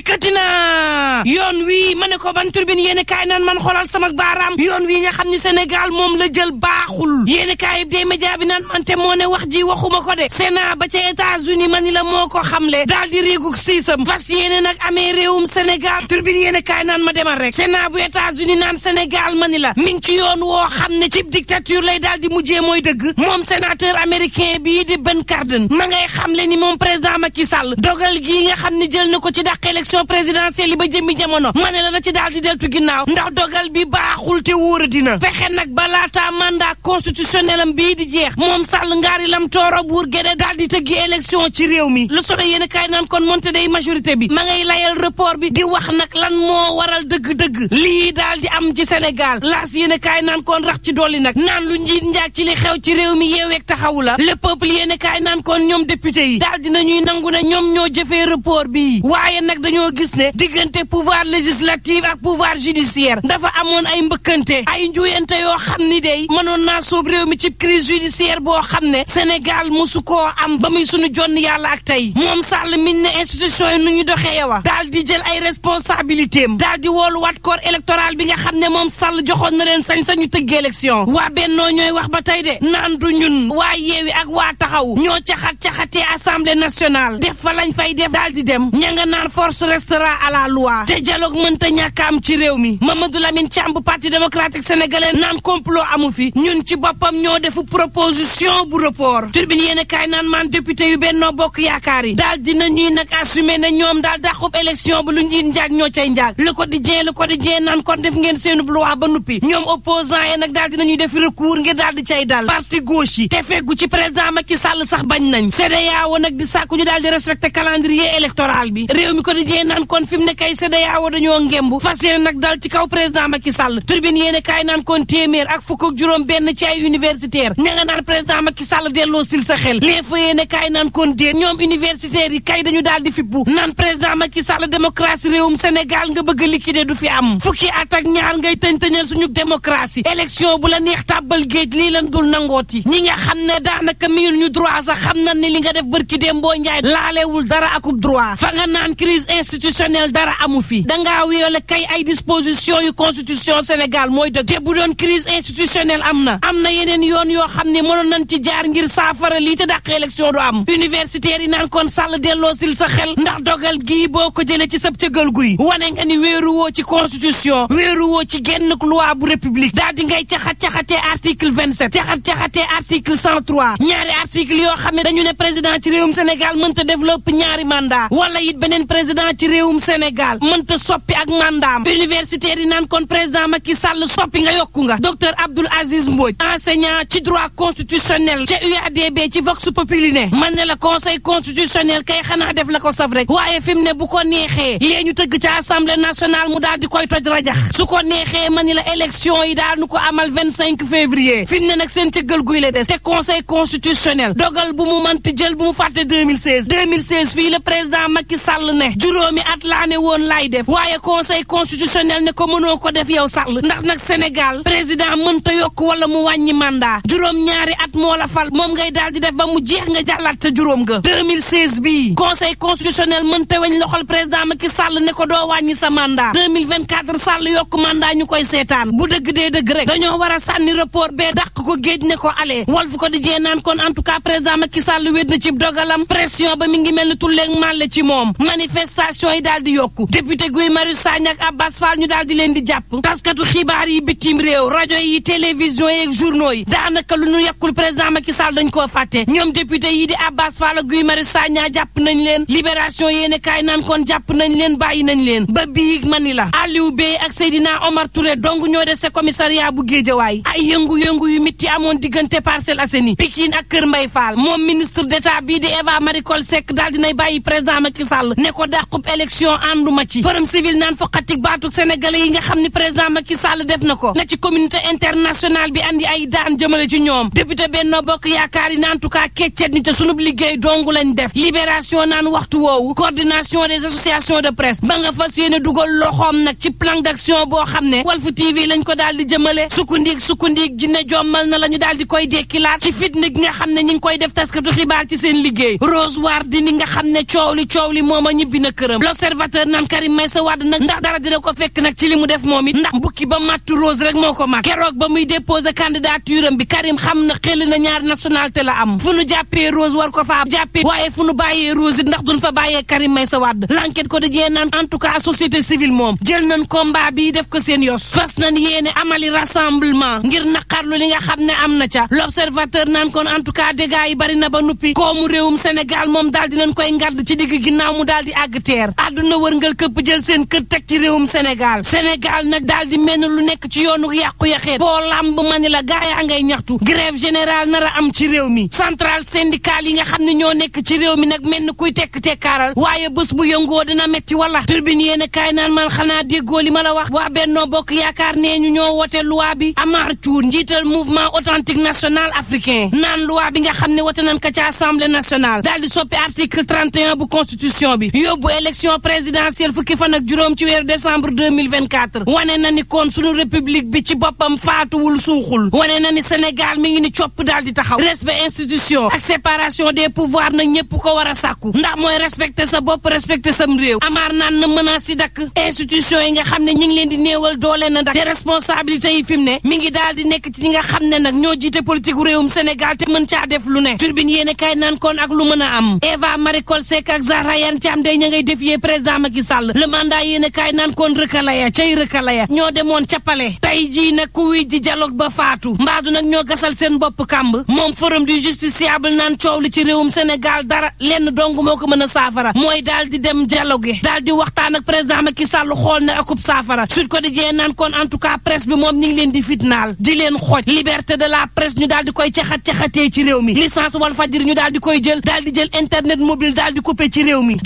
dikkati na yoon wi ma ne ko ban turbine yéen kaay naan man xoolal sama baaraam yoon wi nga xam ni Sénégal moom la jël baaxul yéen kaay day média bi naan man te moo ne wax ji waxuma ko de Sénat ba ca États-Unis ma la moo ko xamle daal di réegug siisam fas yéene nag amee réewum Sénégal turbine yéen kaay ma demal rek Sénat bu États-Unis naan Sénégal ma ni la mi ngi ci yoon woo xam ne cib dictature lay daal di mujjee mooy dëgg moom sénateur américain bii di Ben Cardin ma ngay jëmmi jamono ma ne la na ci daal di deltu ginnaaw ndax dogal bi baaxul te wóor dina fexe nag ba laata mandat constitutionnel am bii di jeex moom sàll ngaari lam tooro buur gédee daal di tëggi élection ci réew mi lu solo yéen kaay naan kon monte day majorité bi ma ngay layal report bi di wax nag lan moo waral dëgg-dëgg lii daal di am ci Sénégal laas yéen kaay naan kon rax ci dolli nag naan lu njiit njaag ci li xew ci réew mi yeeweeg taxawu la le peuple yéen kaay naan kon ñoom député yi daal dinañuy nangu ne ñoom ñoo jëfee report bi waaye nag dañoo gis ne diggante pouvoir législatif ak pouvoir judiciaire dafa amoon ay mbëkkante ay njuyante yoo xam ni day mënoon naa soob réew mi ci crise judiciaire boo xam ne Sénégal mosu ko am ba muy suñu jonn yàlla ak tey moom Sall miñ ne institution yi nu ñu doxee yowa daal di jël ay responsabilité am daal wolu wooluwaat corps électoral bi nga xam ne moom Sall joxoon na leen sañ-sañu tëgg élection waa bennoo ñooy wax ba tey de naan du ñun waa yeewi ak waa taxaw ñoo caxat caxatee assemblée nationale def fa lañ fay def daal di dem ña nga naan force restera à la loi te dialogue mënta ñàkk am ci réew mi Mamadou Lamine Thiam bu parti démocratique sénégalais naan complot amu fi ñun ci boppam ñoo defu proposition bu report turbine yéen a kaay naan maan député yu Benno Bokk Yaakaar yi daal dina ñuy nag assumer ne ñoom daal dàqub élection bu lu njiit njaag ñoo cay njaag le quotidien le quotidien naan kon def ngeen seenu loi ba nuppi ñoom opposant yi nag daal dinañuy def recours ngir daal di cay dal parti gauche yi te feggu ci président Macky Sall sax bañ nañ CEDEAO nag di sàkku ñu daal di respecté CEDEAO dañoo ngemb fas yéene nag dal ci kaw président Macky Sall turbine yéene kaay naan kon téeméer ak fukk ak juróom benn ci ay universitaire ña nga naan président Macky Sall delloo sil sa xel les fa yéene kaay naan kon déet ñoom universitaires yi kay dañu daal di fippu naan président Macky Sall démocratie réewum Sénégal nga bëgg a likide du fi am fukki at ak ñaar ngay tëñ-tëñal suñu démocratie élection bu la neex tàbbal géej lii lan dul nangooti ñi nga xam ne daanaka miyul ñu droit sax xam na ni li nga def bërki démboo njaay laalewul dara akub droit fa nga naan crise institutionnelle dara amu fii dangaa wiyole kay ay disposition yu constitution Sénégal mooy dëgg te bu doon crise institutionnelle am na am na yeneen yoon yoo xam ne mënoon nañ ci jaar ngir saafara lii te dàq élection du am universitaires yi naan kon sàll delloo sil sa xel ndax dogal gi boo ko jëlee ci sab cëgal guy wane nga ni wéeruwoo ci constitution woo ci genn loi bu république daal di ngay caxat-caxatee article 27 caxat-caxatee article 103 ñaari article yoo xam ne dañu ne président ci réewum Sénégal mënta développe ñaari mandat wala it beneen président ci réewum Sénégal mënta soppi ak mandaam universitaire yi naan kon président Macky Sall soppi nga yokku nga docteur Abdoul Aziz Mbodj enseignant ci droit constitutionnel ca UADB ci Vox Populi man ne la conseil constitutionnel kay xanaa def la ko saf rek waaye fi ne bu ko neexee yée tëgg ci assemblée nationale mu daal di koy toj rajax su ko neexee man la élection yi daal nu ko amal vingt cinq ne nag seen cëggal guy la des te conseil constitutionnel dogal bu mu manti jël def waaye conseil constitutionnel ne ko mënoo ko def yow sàll ndax nag Sénégal président mënta yokk wala mu wàññi mandat juróom-ñaari at moo la fal moom ngay daal di def ba mu jeex nga jàllaat te juróom ga 2016 bii conseil constitutionnel mënta weñ loxol président ma Macky sàll ne ko doo wàññi sa mandat 2024 Sall yokk mandat ñu koy seetaan bu dëgg dee dëgg rek dañoo war a sànni rapport bee dàq ko géej ne ko alee Walf ko di naan kon en tout cas président Macky Sall wéet na ci dogalam pression ba mi ngi mel ni tulleeg màlle ci moom manifestation yi daal di yokku député Guy Marius Sagna ak Abbas Fall ñu daal di leen di jàpp taskatu xibaar yi bitim réew rajo yi télévision yi ak journaux yi daanaka lu ñu yekkul président Macky Sall dañ koo fàtte ñoom député yi di Abbas Fall ak mari Marius Sagna jàpp nañ leen libération yéene kaay naan kon jàpp nañ leen bàyyi nañ leen ba bii ni la Aliou Bey ak Seydina Omar Touré dong ñoo dese commissariat bu géej Géejawaay ay yëngu-yëngu yu mitti amoon diggante Parcelles Assainies Pikine ak Kër Mbay Fall moom ministre d'état bii di Eva Marie Coll daal dinay bàyyi président Macky Sall ne ko dàqub élection ànduma forum civil naan fa xatik baatuk sénégalais yi nga xam ni président Macky Sall def na ko na ci communauté internationale bi andi ay daan jëmale ci ñoom député Benno Bokk Yaakaar yi naan en tout cas keccet ni te sunub liggéey dongu lañ def libération naan waxtu woowu coordination des associations de presse ba nga fas yéene dugal loxoom nag ci plan d'action boo xam ne Walf TV lañ ko daal di ndig sukkandiig sukkandiig jinne jommal na la ñu daal di koy dekkilaat ci fitna nga xam ne ñi ngi koy def taskatu xibaar ci seen liggéey Rose nga xam ne coow li li moom a ñibbi na këram l'observateur Karim Meïssa Wade nag ndax dara dina ko fekk nag ci li mu def moom it ndax bukki ba màttu rose rek moo ko mag keroog ba muy déposé candidature am bi Karim xam na xel na ñaar nationalité la am fu nu jàppee rose war ko faa jàppee waaye fu nu bàyyee rose it ndax duñ fa bàyyee Karim Meïssa Wade l'enquête ko dajee naan en tout cas société civile moom jël nañ combat bi def ko seen yos fas nañ yéene amali rassemblement ngir naqarlu li nga xam ne am na ca l'observateur naan kon en tout cas dégâts yi bari na ba nuppi koomu réewum Sénégal moom daal dinañ koy ngàdd ci digg ginnaaw mu daal di àgg teer àdduna wërngal këpp ñëpp jël seen kër teg ci réewum Sénégal Sénégal nag daal di mel ni lu nekk ci yoonu yàqu-yaxeet foo làmb ma ni la gaa yaa ngay ñaxtu grève générale nar am ci réew mi centrale syndicale yi nga xam ne ñoo nekk ci réew mi nag mel ni kuy tekk tekkaaral waaye bés bu yëngoo dina metti wala tribune yéen a kaay naan man xanaa déggoo li ma la wax waa Benno Bokk Yaakaar nee ñu ñoo wote loi bi Amar Thiour njiital mouvement authentique national africain naan loi bi nga xam ne wote nañ ko ci assemblée nationale daal di soppi article 31 bu bi fukki fan ak juróom ci weeru décembre 2024 wane na ni kon sunu république bi ci boppam faatuwul suuxul wane na ni Sénégal mi ngi ni copp daal di taxaw respect institution ak séparation des pouvoirs na ñëpp ko war a sàkku ndax mooy respecter sa bopp respecter sam réew amaar naan na menace si dakk institution yi nga xam ne ñi ngi leen di néewal doole na dak te responsabilité yi fi mu ne mi ngi daal di nekk ci ñi nga xam ne nag ñoo jiite politique réewum Sénégal te mën caa def lu ne turbine yéen kay naan kon ak lu mën a am Eva Marie Coll Seck ak Zahra day ña ngay défier président Macky Sall le mandat yéen a kaay naan kon rëkkala ya cay rëkkala ya ñoo demoon ca pale tey nag ku wuy ji dialogue ba faatu mbaadu nag ñoo gasal seen bopp kàmb moom forum du justiciable naan coow li ci réewum Sénégal dara lenn dong moo ko mën a saafara mooy daal di dem dialogue daal di waxtaan ak président Macky Sall xool na akub saafara Sud Quotidien naan kon en tout cas presse bi moom ñu ngi leen di fitnaal di leen xooj liberté de la presse ñu daal di koy caxat caxatee ci réew mi licence wal fajiri daal di koy jël daal di jël internet mobile daal di coupé ci réew mi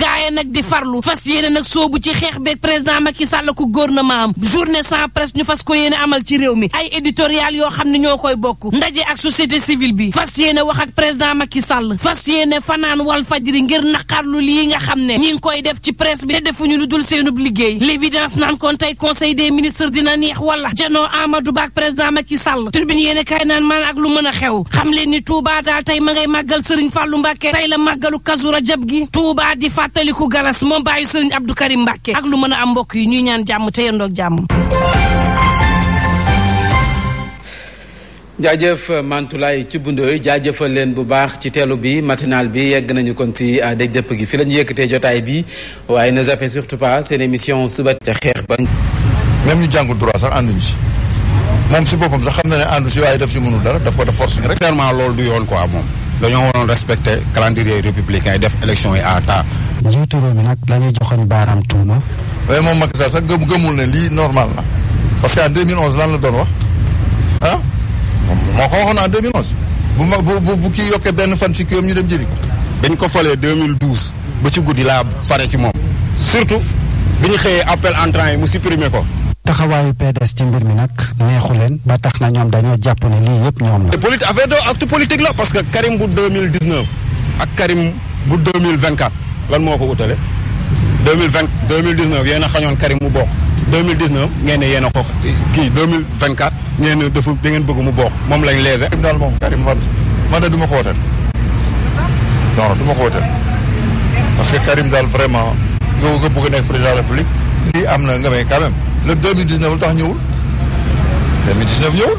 ci xeex beeg président Macky Sall ku gouvernement am journée sans presse ñu fas ko yéene amal ci réew mi ay éditorial yoo xam ne ñoo koy bokk ndaje ak société civile bi fas yéene wax ak président Macky Sall fas yéene fanaan wal fajri ngir naqarlu lii nga xam ne ñi ngi koy def ci presse bi te defuñu lu dul seenub liggéey l'évidence naan kon tey conseil des ministres dina neex wala janoo Amadou Ba ak président Macky Sall tribune yéene kaay naan maan ak lu mën a xew xam leen ni Touba daal tey ma ngay màggal Serigne Fallou Mbacké tey la màggalu Kazu Rajab gi Touba di fàttaliku galas moom bàyyi Serigne Abdou Karim Mbacké Mbàkke ak lu mën a am mbokk yi ñuy ñaan jàmm te yendoog jàmm jaajëf Mantoulaye ci bundooy jaajëfal leen bu baax ci teelu bi matinal bi yegg nañu kon ci ah, dëj dëpp gi fi la ñu yëkkatee jotaay bi waaye ne zappez surtout pas seen émission suba ca xeex ba même ñu jàngul droit sax ànduñu si moom si boppam sax xam na ne àndu si waaye daf si mënul dara daf ko def force rek. clairement loolu du yoon ko amoon dañoo waroon respecté calendrier républicain def élection yi à temps. njiitu réew mi nag la ñuy joxoon baaraam tuuma. waaye eh, moom Macky Sall sax gëm gëmul ne lii normal na parce que en 2011 lan la doon wax ah moo ko waxoon en 2011 bu ma bu bu bu kii yokkee benn fan ci kiyam ñu dem jëli ko. dañ ko falee 2012 ba ci guddi laa pare ci moom surtout bi ñu xëyee appel entrant yi mu supprimer ko. taxawaayu PDS ci mbir mi nag neexu leen ba tax na ñoom dañoo jàpp ne lii yëpp ñoom la. politique affaire de acte la parce que Karim bu deux mille dix neuf ak Karim bu deux mille vingt quatre lan moo ko utale deux mille vingt mille dix neuf yéen a xañoon Karim mu bokk deux mille dix neuf ngeen ne yéen a ko kii deux mille vingt quatre ngeen ne dafa bëgg mu bokk moom lañ léese. Karim daal moom Karim man man de ma ko woteel non du ma ko woteel parce que Karim daal vraiment nga bëgg a nekk président de République lii am na nga may quand le 2019 lu tax ñëwul 2019 ñëwul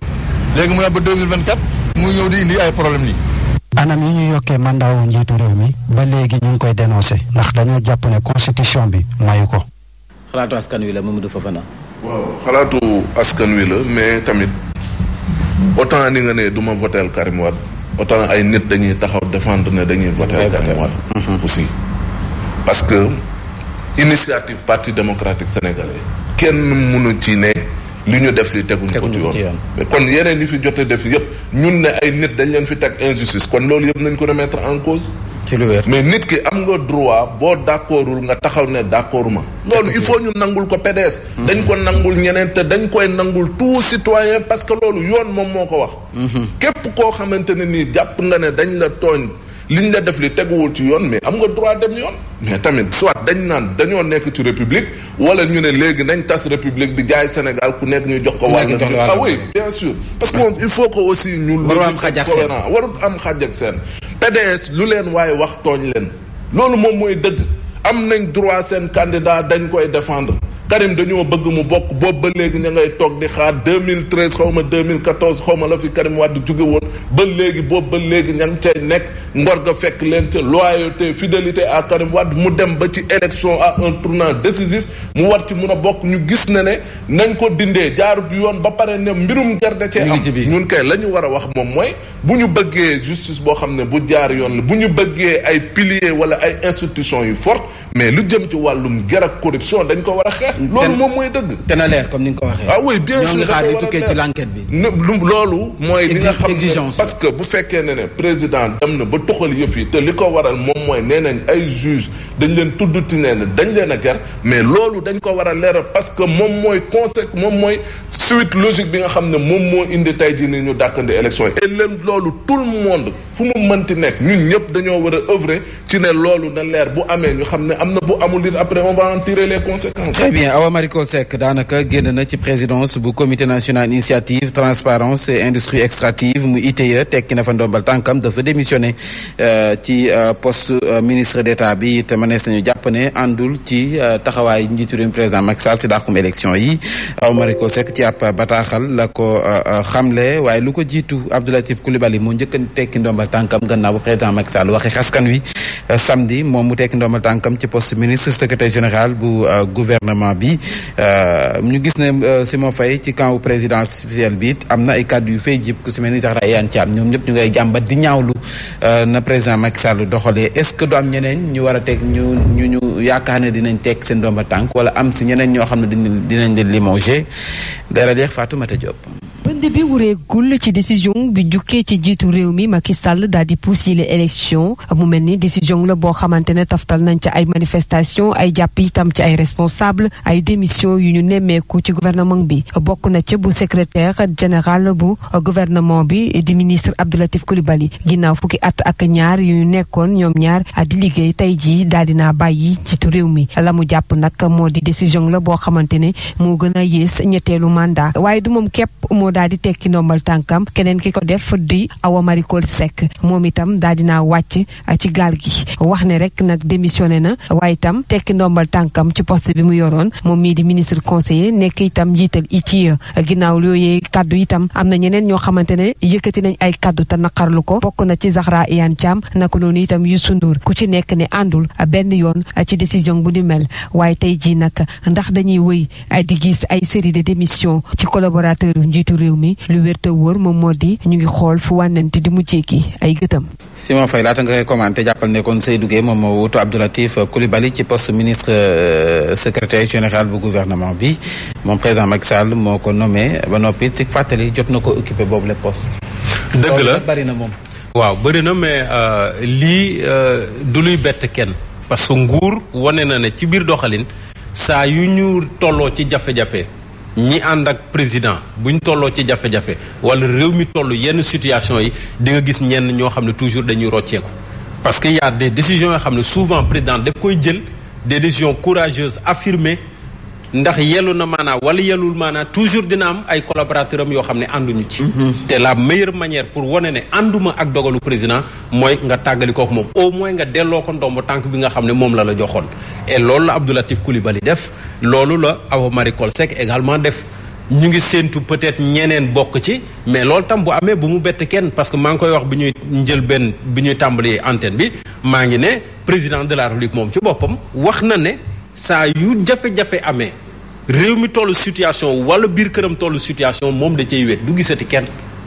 léegi mu ne ba 2024 mu ñëw di indi ay problème nii. anam yi ñu yokkee mandaawu njiitu réew mi ba léegi ñu ngi koy dénoncé ndax dañoo jàpp ne constitution bi mayu ko. xalaatu askan wi la Mamadou Fofana. waaw xalaatu askan wi mais tamit autant ni nga ne du ma votel Karim Wade ay nit dañuy taxaw défendre ne dañuy votel Karim Wade mhm. aussi parce que initiative parti démocratique sénégalais kenn mu mënu ci ne li ñu def li teguñ ko ci yoon kon yeneen yi fi jote def yëpp ñun ne ay nit dañ leen fi teg injustice kon loolu yëpp nañ ko remetre en cause lu wér mais nit ki am nga droit boo d'accordul nga taxaw ne d'accord ma loolu il faut ñu nangul ko PDS mhm. dañ ko nangul ñeneen te dañ koy nangul tout citoyen parce que loolu yoon moom moo ko wax mhm. képp koo xamante ne nii jàpp nga ne dañ la tooñ li liñ la def li teguwul ci yoon mais am nga droit dem yoon mais tamit soit dañ naan dañoo nekk ci république wala ñu ne léegi nañ tas république di jaay Sénégal ku nekk ñu jox ko wàllu ah oui bien sûr parce que il faut que aussi ñu warul am xaj ak seen am xaj ak seen PDS lu leen waaye wax tooñ leen loolu moom mooy dëgg am nañ droit seen candidat dañ koy défendre Karim dañoo bëgg mu bokk boobu ba léegi ña ngay toog di xaar 2013 xaw ma 2014 xaw ma la fi Karim Wade jóge woon ba léegi boobu ba léegi ña ngi cay nekk ngor ga fekk leen ca loyauté fidélité à Karim Wade mu dem ba ci élection à un tournant décisif mu war ci mun a bokk ñu gis na ne nañ ko dindee jaarut yoon ba pare ne mbirum garga cee am ñun kay la ñu war a wax moom mooy bu ñu bëggee justice boo xam ne bu jaar yoon la bu ñu bëggee ay piliers wala ay institutions yu fort mais lu jëm ci wàllum ger ak corruption dañ ko war a xeex loolu mooy dëgg te na leer comme ni nga ko waxee ah oui bien sûr ñoo ngi bi loolu mooy li nga xam ne parce que bu fekkee ne président dem na ba tuxal yëf yi te li ko waral moom mooy nee nañ ay juge dañu leen tudd ti nee dañ leen a ger mais loolu dañ ko war a leeral parce que moom mooy conseil moom mooy suite logique bi nga xam ne moom moo indi tey jii ni ñu dàkkandi élection yi et leen loolu tout le monde fu mu mënti nekk ñun ñëpp dañoo war a œuvrer ci ne loolu na leer bu amee ñu xam ne am na bu amul it après on va en tirer les conséquences très bien Awa Mariko Seck daanaka génn na ci présidence bu comité national initiative transparence et industrie extractive mu tekki na fa ndombal tànkam dafa démissionné euh, ci euh, poste euh, ministre d'état bi mënees nañu jàpp ne àndul ci euh, taxawaay njiitu réew président Macky Sall ci dàqum élection yi Oumar Ko Seck ci ab bataaxal la ko euh, euh, xamle waaye lu ko jiitu Abdou Latif Coulibaly mu njëkk a tekki bu président Macky Sall waxee xaskan wi samedi moom mu tekki ndombal tànkam ci poste ministre bi ñu gis ne na ay yu fay jib ku si mel ni Zahra Iyane Thiam ñu ngay jàmbat di ñaawlu na président Macky doxalee est-ce que du ñeneen ñu war a teg ñu ñu ñu yaakaar ne dinañ teg seen doom ba tànk wala am si ñeneen ñoo xam ne dinañ leen limogé dara jeex Fatoumata Diop lënd bi wureegul ci décision bi jukkee ci jiitu réew mi Macky Sall daal di pousse yile élection mu mel ni décision la boo xamante ne taftal nañ ci ay manifestation ay jàpp itam ci ay responsable ay démission yu ñu nemmeeku ci gouvernement bi bokk na ci bu secrétaire général bu gouvernement bi di ministre Abdoulatif Coulibaly ginnaaw fukki at ak ñaar yu ñu nekkoon ñoom ñaar di liggéey tey jii daal dinaa bàyyi jiitu réew mi la mu jàpp nag moo di décision la boo xamante ne moo gën a yées ñetteelu mandat daal di tekki ndombal tànkam keneen ki ko def di Awa Marie Coll Seck moom itam daal dinaa wàcc uh, ci gaal gi wax ne rek nag démissionné na waaye itam tekki ndombal tànkam ci poste bi mu yoroon moom mii di ministre conseiller nekk itam njiital ITIE uh, ginnaaw yooyee kaddu itam am na ñeneen ñoo xamante ne yëkkati nañ ay kaddu te naqarlu ko bokk na ci Zahra Iyane Thiam naka noonu itam Youssou Ndour ku ci nekk ne àndul uh, benn yoon ci décision bu ni mel waaye tey jii nag ndax dañuy wëy di gis ay série de démission ci collaborateur njiitu réew réew mi lu wér te moom moo di ñu ngi xool fu wànnante di mujjee gi ay gëtam. Simon Faye laata nga koy commenté jàppal ne kon Seydou Guèye moom moo wutu Abdoulatif Coulibaly ci poste ministre euh, secrétaire général bu gouvernement bi moom président Macky Sall moo ko nommé ba noppi ci fàttali jot na ko occupé boobu le poste. dëgg la bari na moom. waaw bëri na mais euh, lii euh, du luy bett kenn parce que nguur wane na ne ci biir doxalin saa yu ñu tolloo ci jafe-jafe. ñi ànd ak président buñ tolloo ci jafe-jafe wala réew mi toll yenn situation yi di nga gis ñenn ñoo xam ne toujours dañuy rocceeku parce que y a des décisions yoo xam ne souvent président daf koy jël de décisions courageuses affirmées ndax yellu na maanaa wala yellul maanaa toujours dina am ay collaborateur am yoo xam ne ànduñu ci mhm. te la meilleure manière pour wane ne ànduma ak dogalu président mooy nga tàggali kook moom au moins nga delloo ko ndomb tànk bi nga xam ne moom la la joxoon et loolu la Abdoulatif Coulibaly def loolu la Awa Marie Coll également def ñu ngi séentu peut-être ñeneen bokk ci mais loolu tam bu amee bu mu bett kenn parce que maa ngi koy wax bi ñuy njël benn bi ñuy tàmbali antenne bi maa ngi ne président de la République moom ci boppam wax na ne saa yu jafe-jafe amee réew mi tollu situation wala biir këram tollu situation moom da cay wet du gisati kenn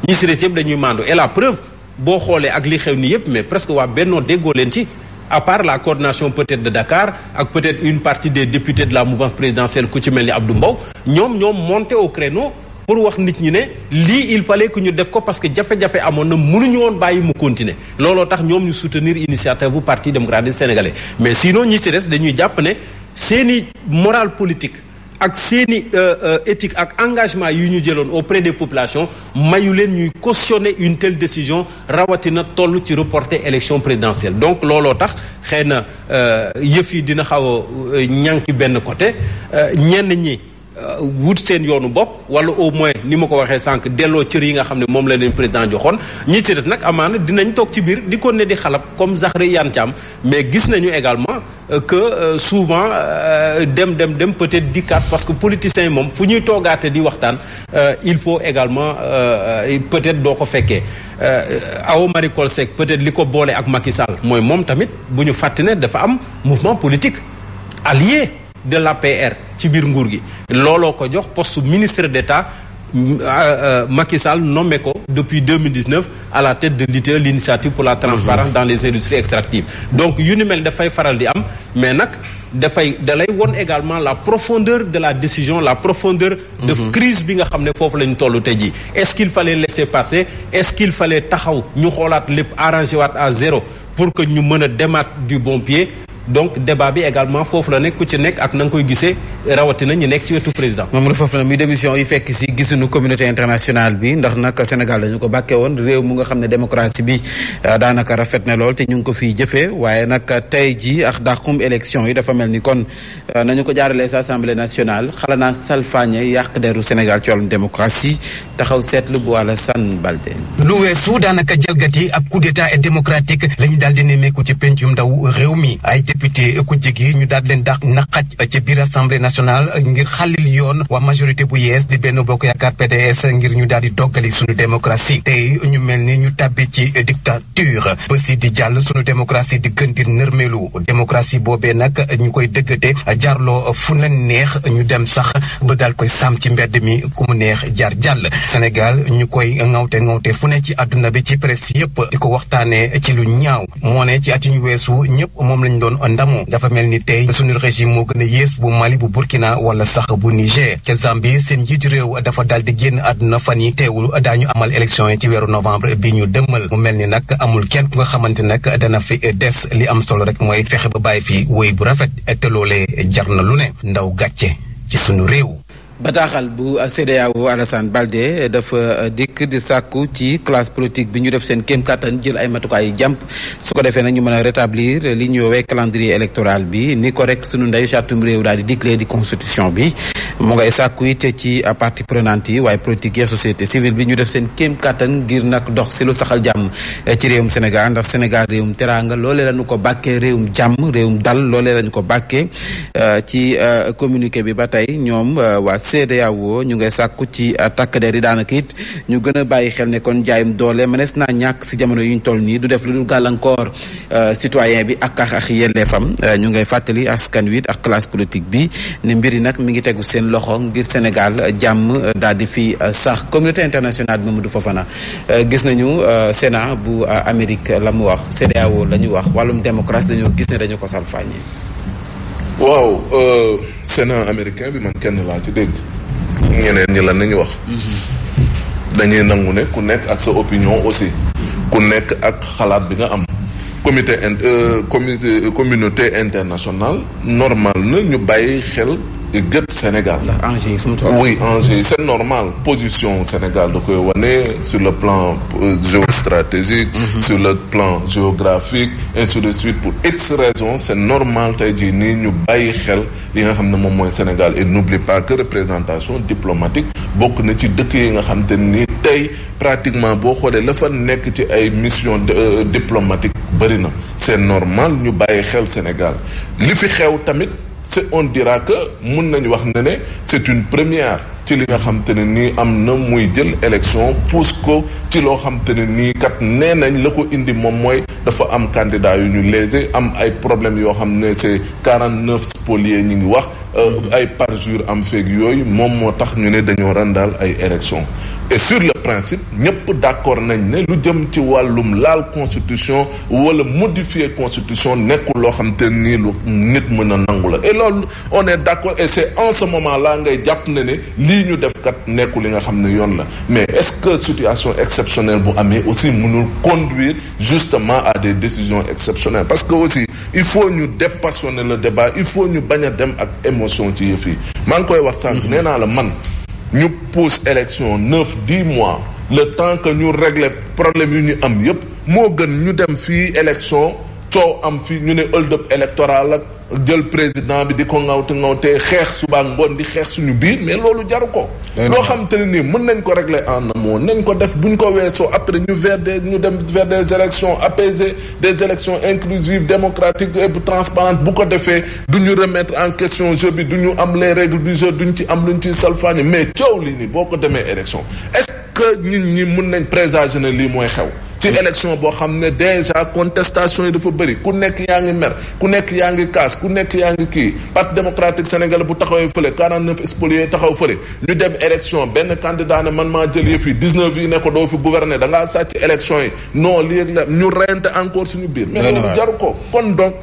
ñi si des yëpp dañuy màndu et la preuve boo xoolee ak li xew ni yëpp mais presque waa bennoo déggoo leen ci à part la coordination peut-être de Dakar ak peut une partie de députés de la mouvance présidentielle ku ci mel ni Abdou Mbow ñoom ñoom monté au créneau pour wax nit ñi ne lii il fallait que ñu def ko parce que jafe-jafe amoon na mënuñu woon bàyyi mu continuer looloo tax ñoom ñu soutenir initiative bu parti démocratique sénégalais mais sinon ñi si des dañuy jàpp ne seeni morale politique ak seeni euh, euh, éthique ak engagement yu ñu jëloon au auprès des population mayu leen ñuy cautionner une telle décision rawatina toll ci reporter élection présidentielle donc looloo tax xëy na euh, yëf yi dina xaw a ñànki benn côté ñenn ñi Euh, wut seen yoonu bopp wala au moins ni ma ko waxee sànq delloo cër yi nga xam ne moom la leen président joxoon ñi ci des nag amaana dinañ toog ci biir di ko ne di xalab comme Zahra Iyane Thiam mais gis nañu également euh, que euh, souvent dem dem dem peut-être dikkaat parce que politiciens yi moom fu ñuy toogaate di waxtaan il faut également peut-être doo ko fekkee Awa Marie Coll Seck peut-être li ko boole ak Macky Sall mooy moom tamit bu ñu fàttali ne dafa am mouvement politique allié. de l'APR ci biir nguur gi looloo ko jox poste ministre d'État mm, euh, euh, Macky Sall nommé ko depuis 2019 à la tête de l'ITIE l'initiative pour la transparence dans les industries extractives donc yu ni mel dafay faral di am mais nag dafay dalay won également la profondeur de la décision la profondeur de mhm. crise bi nga xam ne foofu la ñu toll tey jii est-ce qu'il fallait laisser passer est-ce qu'il taxaw ñu xoolaat lépp arrangé waat à zéro pour que ñu mën a demaat du bon pied donc débat bi également foofu la nekk ku ci nekk ak na nga koy gisee rawatina ñu nekk ci wetu président. moom la foofu la muy démission yi fekk si gisuñu communauté internationale bi ndax nag Sénégal dañu ko bàkkee woon réew mu nga xam ne démocratie bi euh, daanaka rafet na lool te ñu ngi ko fiy jëfee waaye nag tey jii ak dàqum élection yi dafa mel ni kon euh, nañu ko jaaralee sa assemblée nationale xala naa salfaañe yàq deru Sénégal ci wàllum démocratie taxaw seetlu bu wàlla Sane Balde. lu weesu daanaka jalgati ab coup d'état et démocratique lañu daal di nemmeeku ci pencum député kujje gi ñu daal leen dàq naqaj ci biir assemblée nationale ngir xàllil yoon waa majorité bu yees di benn bokk yaakaar PDS ngir ñu daal di doggali suñu démocratie tey ñu mel ni ñu tàbbi ci dictature ba yi di jàll suñu démocratie di gën di nërmelu démocratie boobee nag ñu koy dëggate jaarloo fu na neex ñu dem sax ba daal koy sam ci mbedd mi ku mu neex jar jàll Sénégal ñu koy ŋawte ŋawte fu ne ci àdduna bi ci presse yëpp di ko waxtaanee ci lu ñaaw moo ne ndamu dafa mel ni tey suñu régime moo gën a yées bu Mali bu Burkina wala sax bu Niger ca Zambie seen njiitu réew dafa daal di génn àdduna fan yi teewul daañu amal élection yi ci weeru novembre bi ñu dëmmal mu mel ni nag amul kenn ku nga xamante nag dana fi des li am solo rek mooy fexe ba bàyyi fi woy bu rafet te loolee jar na lu ne ndaw gàcce ci sunu réew bataaxal bu CEDEAO Alassane Balde dafa euh, dikk di sàkku ci classe politique bi ñu def seen kéem kattan jël ay ay jàmp su ko defee nag ñu mën a rétablir li ñu woowee calendrier électoral bi ni ko rek sunu ndey chartum réew daal di digle di constitution bi mu ngay sàkku it ci partie prenante yi waaye politique yi société civile bi ñu def seen kéem kàttan ngir nag dox si lu saxal jàmm ci réewum Sénégal ndax Sénégal réewum teraanga loolee lañu ko bàkkee réewum jàmm réewum dal loolee lañu ko bàkkee euh, ci euh, communiqué bi ba tey ñoom euh, waa CEDEAO ñu ngay sàkku ci takk der yi daanaka it ñu gën a bàyyi xel ne kon jaayum doole mënees naa ñàkk si jamono yu ñu toll nii du def lu dul gàllankoor citoyen bi ak ak yelleefam ñu ngay fàttali askan wi ak classe bi loxo ngir Sénégal jàmm daal di fi euh, sax communauté internationale Mamadou Fofana euh, gis nañu euh, Sénat bu Amérique la mu wax CEDEAO la wax wàllum démocratie dañoo gis ne dañu ko salfaañee. waaw Sénat américain bi man kenn laa ci dégg. ñeneen ñi lan nañu wax. Mhm. dañuy nangu ne ku nekk ak sa opinion aussi. ku nekk ak xalaat bi nga am. comité in comité communauté internationale normal na ñu bàyyi xel. gët Sénégal. ndax enjeu yi mu toll. oui enjeu yi c'est normal position Sénégal da koy wane sur le plan euh, géostratégique. Mhm. sur le plan géographique ainsi de suite pour x raisons c'est normal tey jii nii ñu bàyyi xel li nga xam ne moom mooy Sénégal et n'oublie pas que représentation diplomatique bokk na ci dëkk yi nga xam te nii tey pratiquement boo xoolee la fa nekk ci ay mission euh, diplomatique bëri na c'est normal ñu bàyyi xel Sénégal li fi xew tamit. on dira que mun nañu wax ne ne c'est une première ci li nga xam te ne nii am na muy jël élection pousse ko ci loo xam te ne nii kat nee nañ la ko indi moom mooy dafa am candidat yu ñu lésé am ay problèmes yoo xam ne c'est quarante neuf spoliés ñi ngi wax euh, ay parjure am feeg yooyu moom moo tax ñu ne dañoo randal ay élection et sur le principe ñëpp d'accord nañ ne lu jëm ci wàllum laal constitution wala modifier constitution nekkul loo xam te nii lu nit mën a nangu la et loolu on est d'accord et c'est en ce moment là ngay jàpp ne ne lii ñu def kat nekkul li nga xam ne yoon la mais est-ce que situation exceptionnelle bu amee aussi mënul conduire justement à des décisions exceptionnelles parce que aussi il faut ñu dépassionner le débat il faut ñu baña dem ak émotion ci yëf yi maa ngi koy wax sànq mm-hmm. nee naa la man ñu pousse élection neuf dix mois le temps que ñu régler problème yu ñu am yépp moo gën ñu dem fii élection coow am fii ñu ne hold-up électoral jël président bi di ko ngawte te xeex suba ngoon di xeex suñu biir mais loolu jaru ko loo xam te ne nii mën nañ ko regle en amont nañ ko def buñ ko weesoo après ñu vers ñu dem vers des élections apaisées des élections inclusives démocratiques et transparentes bu ko defee du ñu remetre en question jeu bi du ñu am les règles du jeu duñ ci am luñ ciy salfaañe mais coow lii nii boo ko demee élection est-ce que nit ñi mën nañ présager ne lii mooy xew ci élection boo xam ne déjà contestation yi dafa bëri ku nekk yaa ngi mer ku nekk yaa ngi kaas ku nekk yaa ngi kii parti démocratique sénégalais bu taxawee fële 49 spoliés taxaw fële ñu dem élection benn candidat ne man maa jël yëf yi 19 yi ne ko doo fi gouverner da ngaa sàcc élection yi non lii la ñu reyante encore suñu biir mais loolu jaru ko kon donc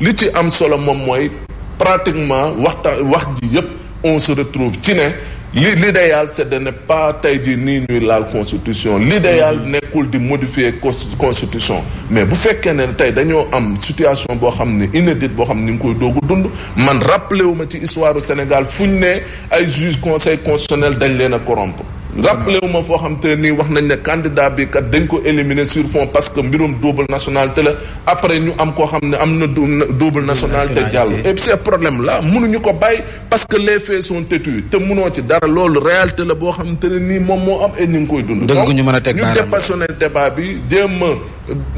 li ci am solo moom mooy pratiquement waxta wax ji yépp on se retrouve ci ne li l'idéal c'est de ne pas tey jii nii ñuy laal constitution l'idéal mm-hmm. nekkul di modifier constitution mais bu fekkee ne tey dañoo am situation boo xam ne inédite boo xam ni nga koy doogu dund man rappelé wu ci histoire du Sénégal fu ñu ne ay juge conseil constitutionnel dañ leen a corrompre rappelé wu ma foo xam te nii wax nañ ne candidat bi kat dañ ko éliminer sur fond parce que mbirum double nationalité la après ñu am koo xam ne am na double nationalité jàll et puis ce problème là mënuñu ko bàyyi parce que les faits sont têtus te mënoo ci dara loolu réalité la boo xam te nii moom moo am et ñu ngi koy dund donc ñu dépassionné débat bi jéem a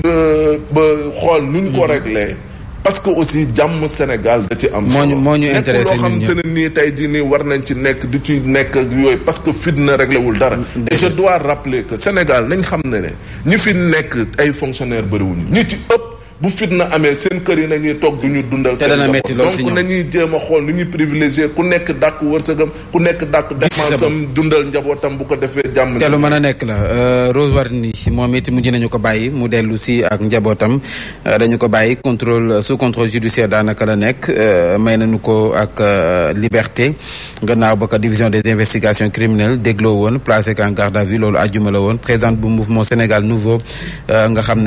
euh, ba xool nu nuñ ko mm-hmm. réglé parce que aussi jàmm Sénégal da ci am. moo ñu moo ñu intéressé loo xamante ne nii tey jii nii war nañ ci nekk di ci nekk yooyu parce que fitna réglé wul dara. Mm-hmm. et je dois rappeler que Sénégal nañ xam ne ne ñu fi nekk ay fonctionnaires bëriwuñu ñu ci ëpp. bu fitna amee seen kër yi nañuy toog du ñu dundal seen donc nañuy jéem a xool nu ñuy privilégié ku nekk dàkk wërsëgam ku nekk dàkk défensam dundal njabootam bu ko defee jàmm te lu mën a nekk la euh, Rose Wardini moom it mujj nañu ko bàyyi mu dellu si ak njabootam euh, dañu ko bàyyi contrôle euh, sous contrôle judiciaire daanaka la nekk may na nañu ko ak liberté gannaaw ba ko division des investigations criminelles dégloo woon placé en garde à loolu ajjuma la woon présidente bu mouvement Sénégal nouveau nga xam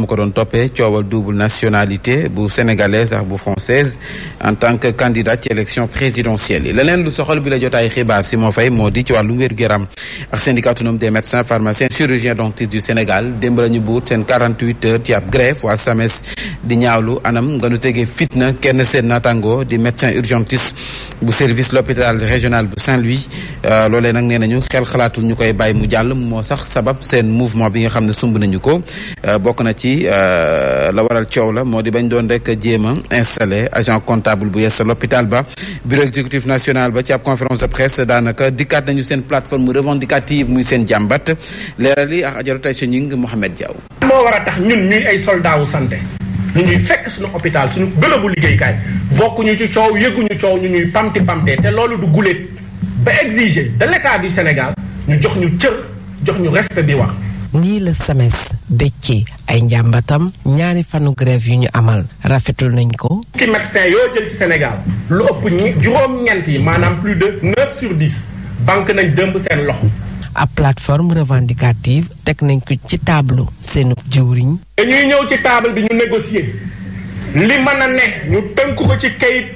mu ko lancé coowal double nationalité bu sénégalaise ak bu française en tant que candidat ci élection présidentielle yi leneen lu soxal bi la jotaay xibaar si moo fay moo di ci wàllu wér-gu-yaram ak syndicat autonome des médecins pharmaciens chirurgiens dentistes du Sénégal démb la ñu buut seen 48 heures ci ab grève waa SAMES di ñaawlu anam nga nu tegee fitna kenn seen naataango di médecin urgentiste bu service l'hôpital régional bu Saint-Louis euh, loolee nag nee ñu xel xalaatul ñu koy bàyyi mu jàll moo sax sabab seen mouvement bi nga xam ne sumb nañu ko euh, bokk na ci euh, la waral coow la moo di bañ doon rek jéem a installé agent comptable bu yees l'hôpital ba bureau exécutif national ba ci ab conférence de presse daanaka dikkaat nañu seen plateforme revendicative muy seen jàmbat leeral yi a tax ñun ñuy ay ñu ñuy fekk suñu hôpital suñu bërëbu liggéeykaay bokkuñu ci coow yëguñu coow ñu ñuy pamti pamtee te loolu du guléet ba exiger de l'état du Sénégal ñu jox ñu cër jox ñu respect bi wax nii la SAMES ci ay njàmbatam ñaari fanu grève yi ñu amal rafetul nañ ko. ki médecin yoo jël ci Sénégal lu ëpp juróom-ñeent yi maanaam plus de neuf sur dix banque nañ dëmb seen loxo. ab plateforme revendicative teg nañ ko ci table seenu jëwriñ dañuy ñëw ci table bi ñu négocier li mën a ne ñu tënk ko ci kayit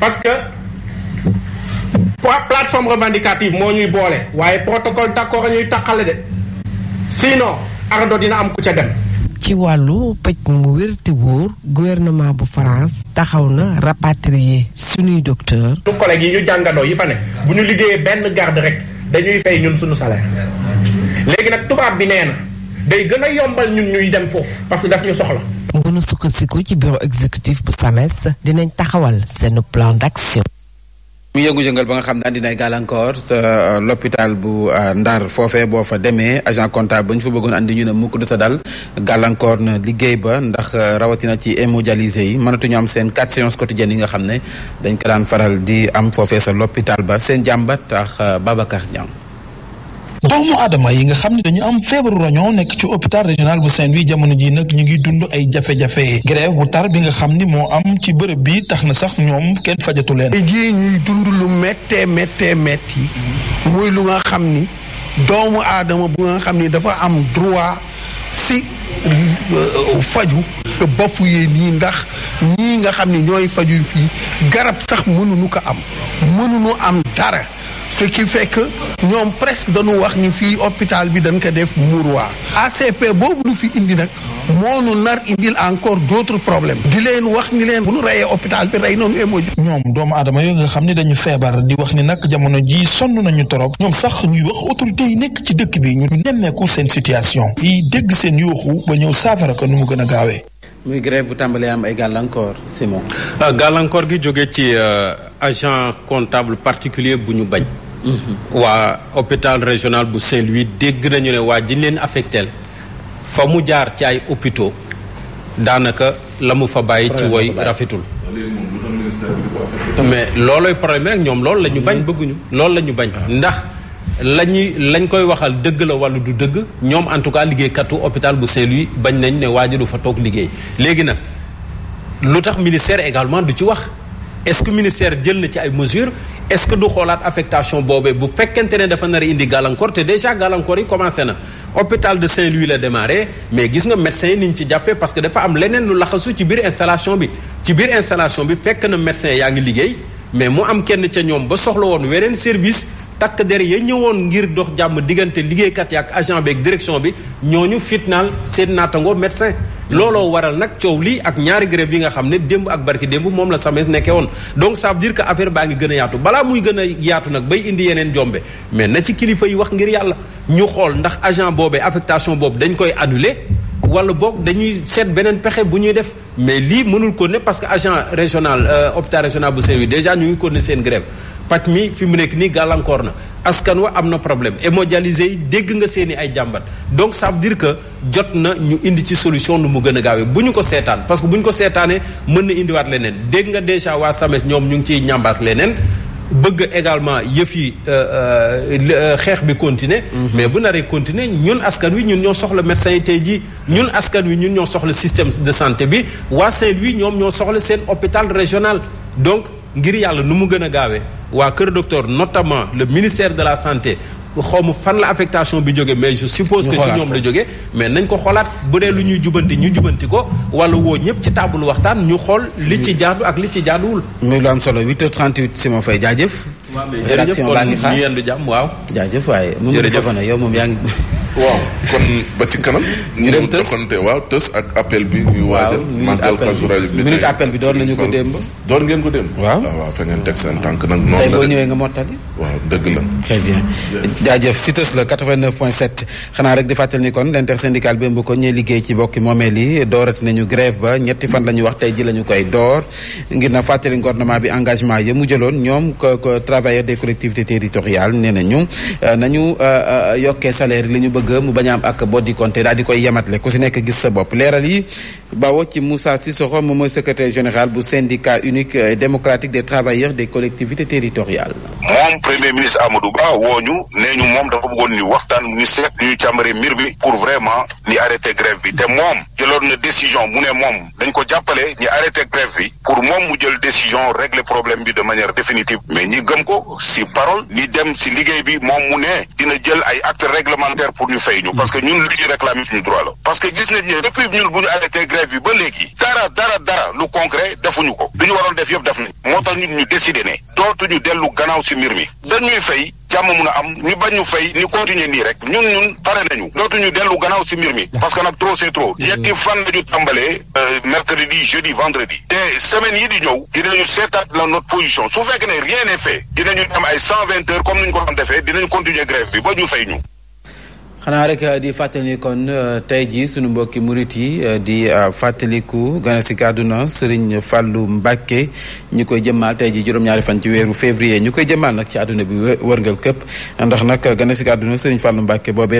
parce que plateforme revendicative moo ñuy boole waaye protocole d'accord a ñuy taqale de sinon ardo dina am ku ca dem ci wàllu paj mu wér te gouvernement bu France taxaw na rapatrier suñuy docteur. su collègue yi ñu jàngandoo yi fa ne bu ñu liggéeyee benn garde rek dañuy fay ñun suñu salaire léegi nag tubaab bi nee na day gën a yombal ñun ñuy dem foofu parce que daf ñu soxla. bu nu sukkandiku ci bureau exécutif bu SAMES dinañ taxawal seen plan d'action. mu yëngu-yëngal ba nga xam ne andi nay gàllankoor sa euh, l'hôpital bu euh, Ndar foofee boo fa demee agent comptable ba ñu fa bëggoon indi ñu ne mukk du sa dal gàllankoor na liggéey ba ndax euh, rawatina ci hémodialysé yi mënatuñu am seen quatre séances quotidiennes yi nga xam ne dañ ko daan faral di am foofee sa l'hôpital ba seen jàmbat tax Babacar Niang doomu aadama yi nga xam ne dañu am feebaru roño nekk ci hôpital régional bu Saint-Louis jamono ji nag ñu ngi dund ay jafe-jafe grève bu tar bi nga xam ni moo am ci bërëb bi tax na sax ñoom kenn fajatu leen ji ñuy dund lu méttee méttee métti muy lu nga xam ni doomu aadama bu nga xam ni dafa am droit si euh, faju te bafu yee nii ndax ñii nga xam ni ñooy faju fii garab sax mënuñu ko am mënuñu am dara ce qui fait que ñoom presque dañu wax ni fii hôpital bi dañ ko def mouroir ACP boobu lu fi indi nag moo nu nar indil encore d'autres problèmes di leen wax ni leen bu nu reyee hôpital bi rey noonu émoji ñoom doomu aadama yooyu nga xam ne dañu feebar di wax ni nag jamono ji sonn nañu torop ñoom sax ñuy wax autorité yi nekk ci dëkk bi ñu nemmeeku seen situation yi dégg seen yuuxu ba ñëw saafara ko nu mu gën a gaawee muy grève bu tàmbalee am ay gàllankoor Simon. Ah, gàllankoor gi jóge ci euh, agent comptable particulier bu ñu bañ. Mhm. waa hôpital régional bu Saint-Louis dégg nañu ne waa ji leen affecteel fa mu jaar ci ay opito daanaka la mu fa bàyyi ci woy rafetul. mais loolooy problème rek ñoom loolu la bañ bëgguñu loolu lañu bañ ah. ndax. lañuy lañ koy waxal dëgg la wàllu du dëgg ñoom en tout cas liggéeykatu hôpital bu Saint-Louis bañ nañ ne waa ji fa toog liggéey léegi nag lu tax ministère également du ci wax est-ce que ministère jël na ci ay mesures est-ce que du xoolaat affectation boobee bu fekkente ne dafa nar a indi gàllankoor te déjà gàllankoor yi commencé na hôpital de Saint-Louis la démarré mais gis nga médecin yi ni ñu ci jàppee parce que dafa am leneen lu laxasu ci biir installation bi ci biir installation bi fekk na médecin yaa ngi liggéey mais mu am ca ñoom ba soxla woon weneen service takk der ya ñëwoon ngir dox jàmm diggante liggéeykat yi ak agent beeg direction bi ñoo ñu fitnaal seen naatango médecin looloo waral nag coow lii ak ñaari grève yi nga xam ne démb ak barki démb moom la SAMES nekkee woon donc saa veut dire que affaire baa ngi gën a yaatu balaa muy gën a yaatu nag bay indi yeneen jombe mais na ci kilifa yi wax ngir yàlla ñu xool ndax agent boobe affectation boobu dañ koy annuler wala boog dañuy seet beneen pexe bu ñuy def mais lii mënul ko ne parce que agent régional euh, hôpital régional bu Saint-Louis déjà ñu ngi ko seen grève paj mi fi mu nekk nii gàllankoor na askan wa am na problème hémodialysé yi dégg nga seen i ay jàmbat donc ça veut dire que jot na ñu indi ci solution lu mu gën a gaawe bu ñu ko seetaan parce que bu ñu ko seetaanee mën na indiwaat leneen dégg nga déjà waa SAMES ñoom ñu ngi ciy ñambaas leneen bëgg également yëf yi euh, euh, euh, xeex bi continuer mhm. mais bu naree continuer ñun askan wi ñun ñoo soxla médecin yi tey jii ñun askan wi ñun ñoo soxla système de santé bi waa Saint-Louis ñoom ñoo soxla seen hôpital régional donc ngir yàlla nu mu gën a gaawee waa Kër Docteur notamment le ministère de la santé xawma fan la affectation bi jóge mais je suppose que ci ñoom la jóge mais nañ ko xoolaat bu dee lu ñuy jubanti ñu jubanti ko wala woo ñëpp ci taabul waxtaan ñu xool li ci jaadu ak li ci jaaduwul muy lu am solo 8h38 si ma fay jaajëf rédaction laa ngi xaar ñu yendu jàmm waaw jaajëf waaye moom dafa na yow moom yaa ngi waaw kon ba ci kanam. ñu dem tës doxante waaw tës ak appel bi. ñuy waajal màggal Kazu Rajab bi minute appel bi door nañu ko démb. door ngeen ko démb. waaw waaw fa ngeen teg seen tànk nag. noonu la tey boo ñëwee nga mottali. waaw dëgg la. très bien jaajëf si tës la 89.7 xanaa rek di fàttali ni kon l'intersyndical bi ëmb ko ñuy liggéey ci bokki moomeel yi doorat nañu grève ba ñetti fan la ñu wax tey ji la ñu koy door ngir na fàttali gouvernement bi engagement ya mu jëloon ñoom ko travailleurs des collectivités territoriales nee nañu euh, nañu euh, euh, yokkee salaire li ñu bëgg mu bañ a am ak boddi compté di koy yematle ku si nekk gis sa bopp leeral yi bawoo ci Moussa Sissokho moom mooy secrétaire général bu syndicat unique démocratique des travailleurs des collectivités territoriales. premier ministre Amadou Ba wooñu nee ñu moom dafa bëggoon ñu waxtaan wi seet ñu càmbaree mbir bi pour vraiment ni arrêté grève bi te moom jëloon na décision mu ne moom dañ ko jàppale ñu arrêté grève bi pour moom mu jël décision régler problème bi de manière définitive mais ñi gëm ko si parole ni dem si liggéey bi moom mu ne dina jël ay actes réglementaires pour ñu fay ñu parce que ñun lu ñu réclamer suñu droit la parce que gis nañ ne depuis ñun bu ñu arrêté grève bi ba léegi dara dara dara lu concret defuñu ko du ñu waroon def yëpp def nañ moo tax ñun ñu décider ne dootuñu dellu gannaaw si mbir mi dañuy fay jàmm mun a am ñu bañ ñu fay ñu continuer nii rek ñun ñun pare nañu lootuñu dellu gannaaw si mbir mi parce que nag trop c'est trop ñetti fan la ñu tàmbalee euh, mercredi jeudi vendredi te semaine yi di ñëw dinañu seetaat la notre position su fekk ne rien n'est fait dinañu am ay cent vingt comme ni ñu ko doon defee dinañu continuer grève bi ba ñu fay ñu xanaa rek euh, di fàttali kon euh, tey jii sunu mbokki murit yi euh, di fàttaliku gane si àdduna Serigne Fallou Mbacké ñu koy jëmmal tey jii juróom-ñaari fan ci weeru février ñu koy jëmmal nag ci àdduna bi wërngal këpp ndax nag gane si àdduna Serigne Fallou Mbacké boobee.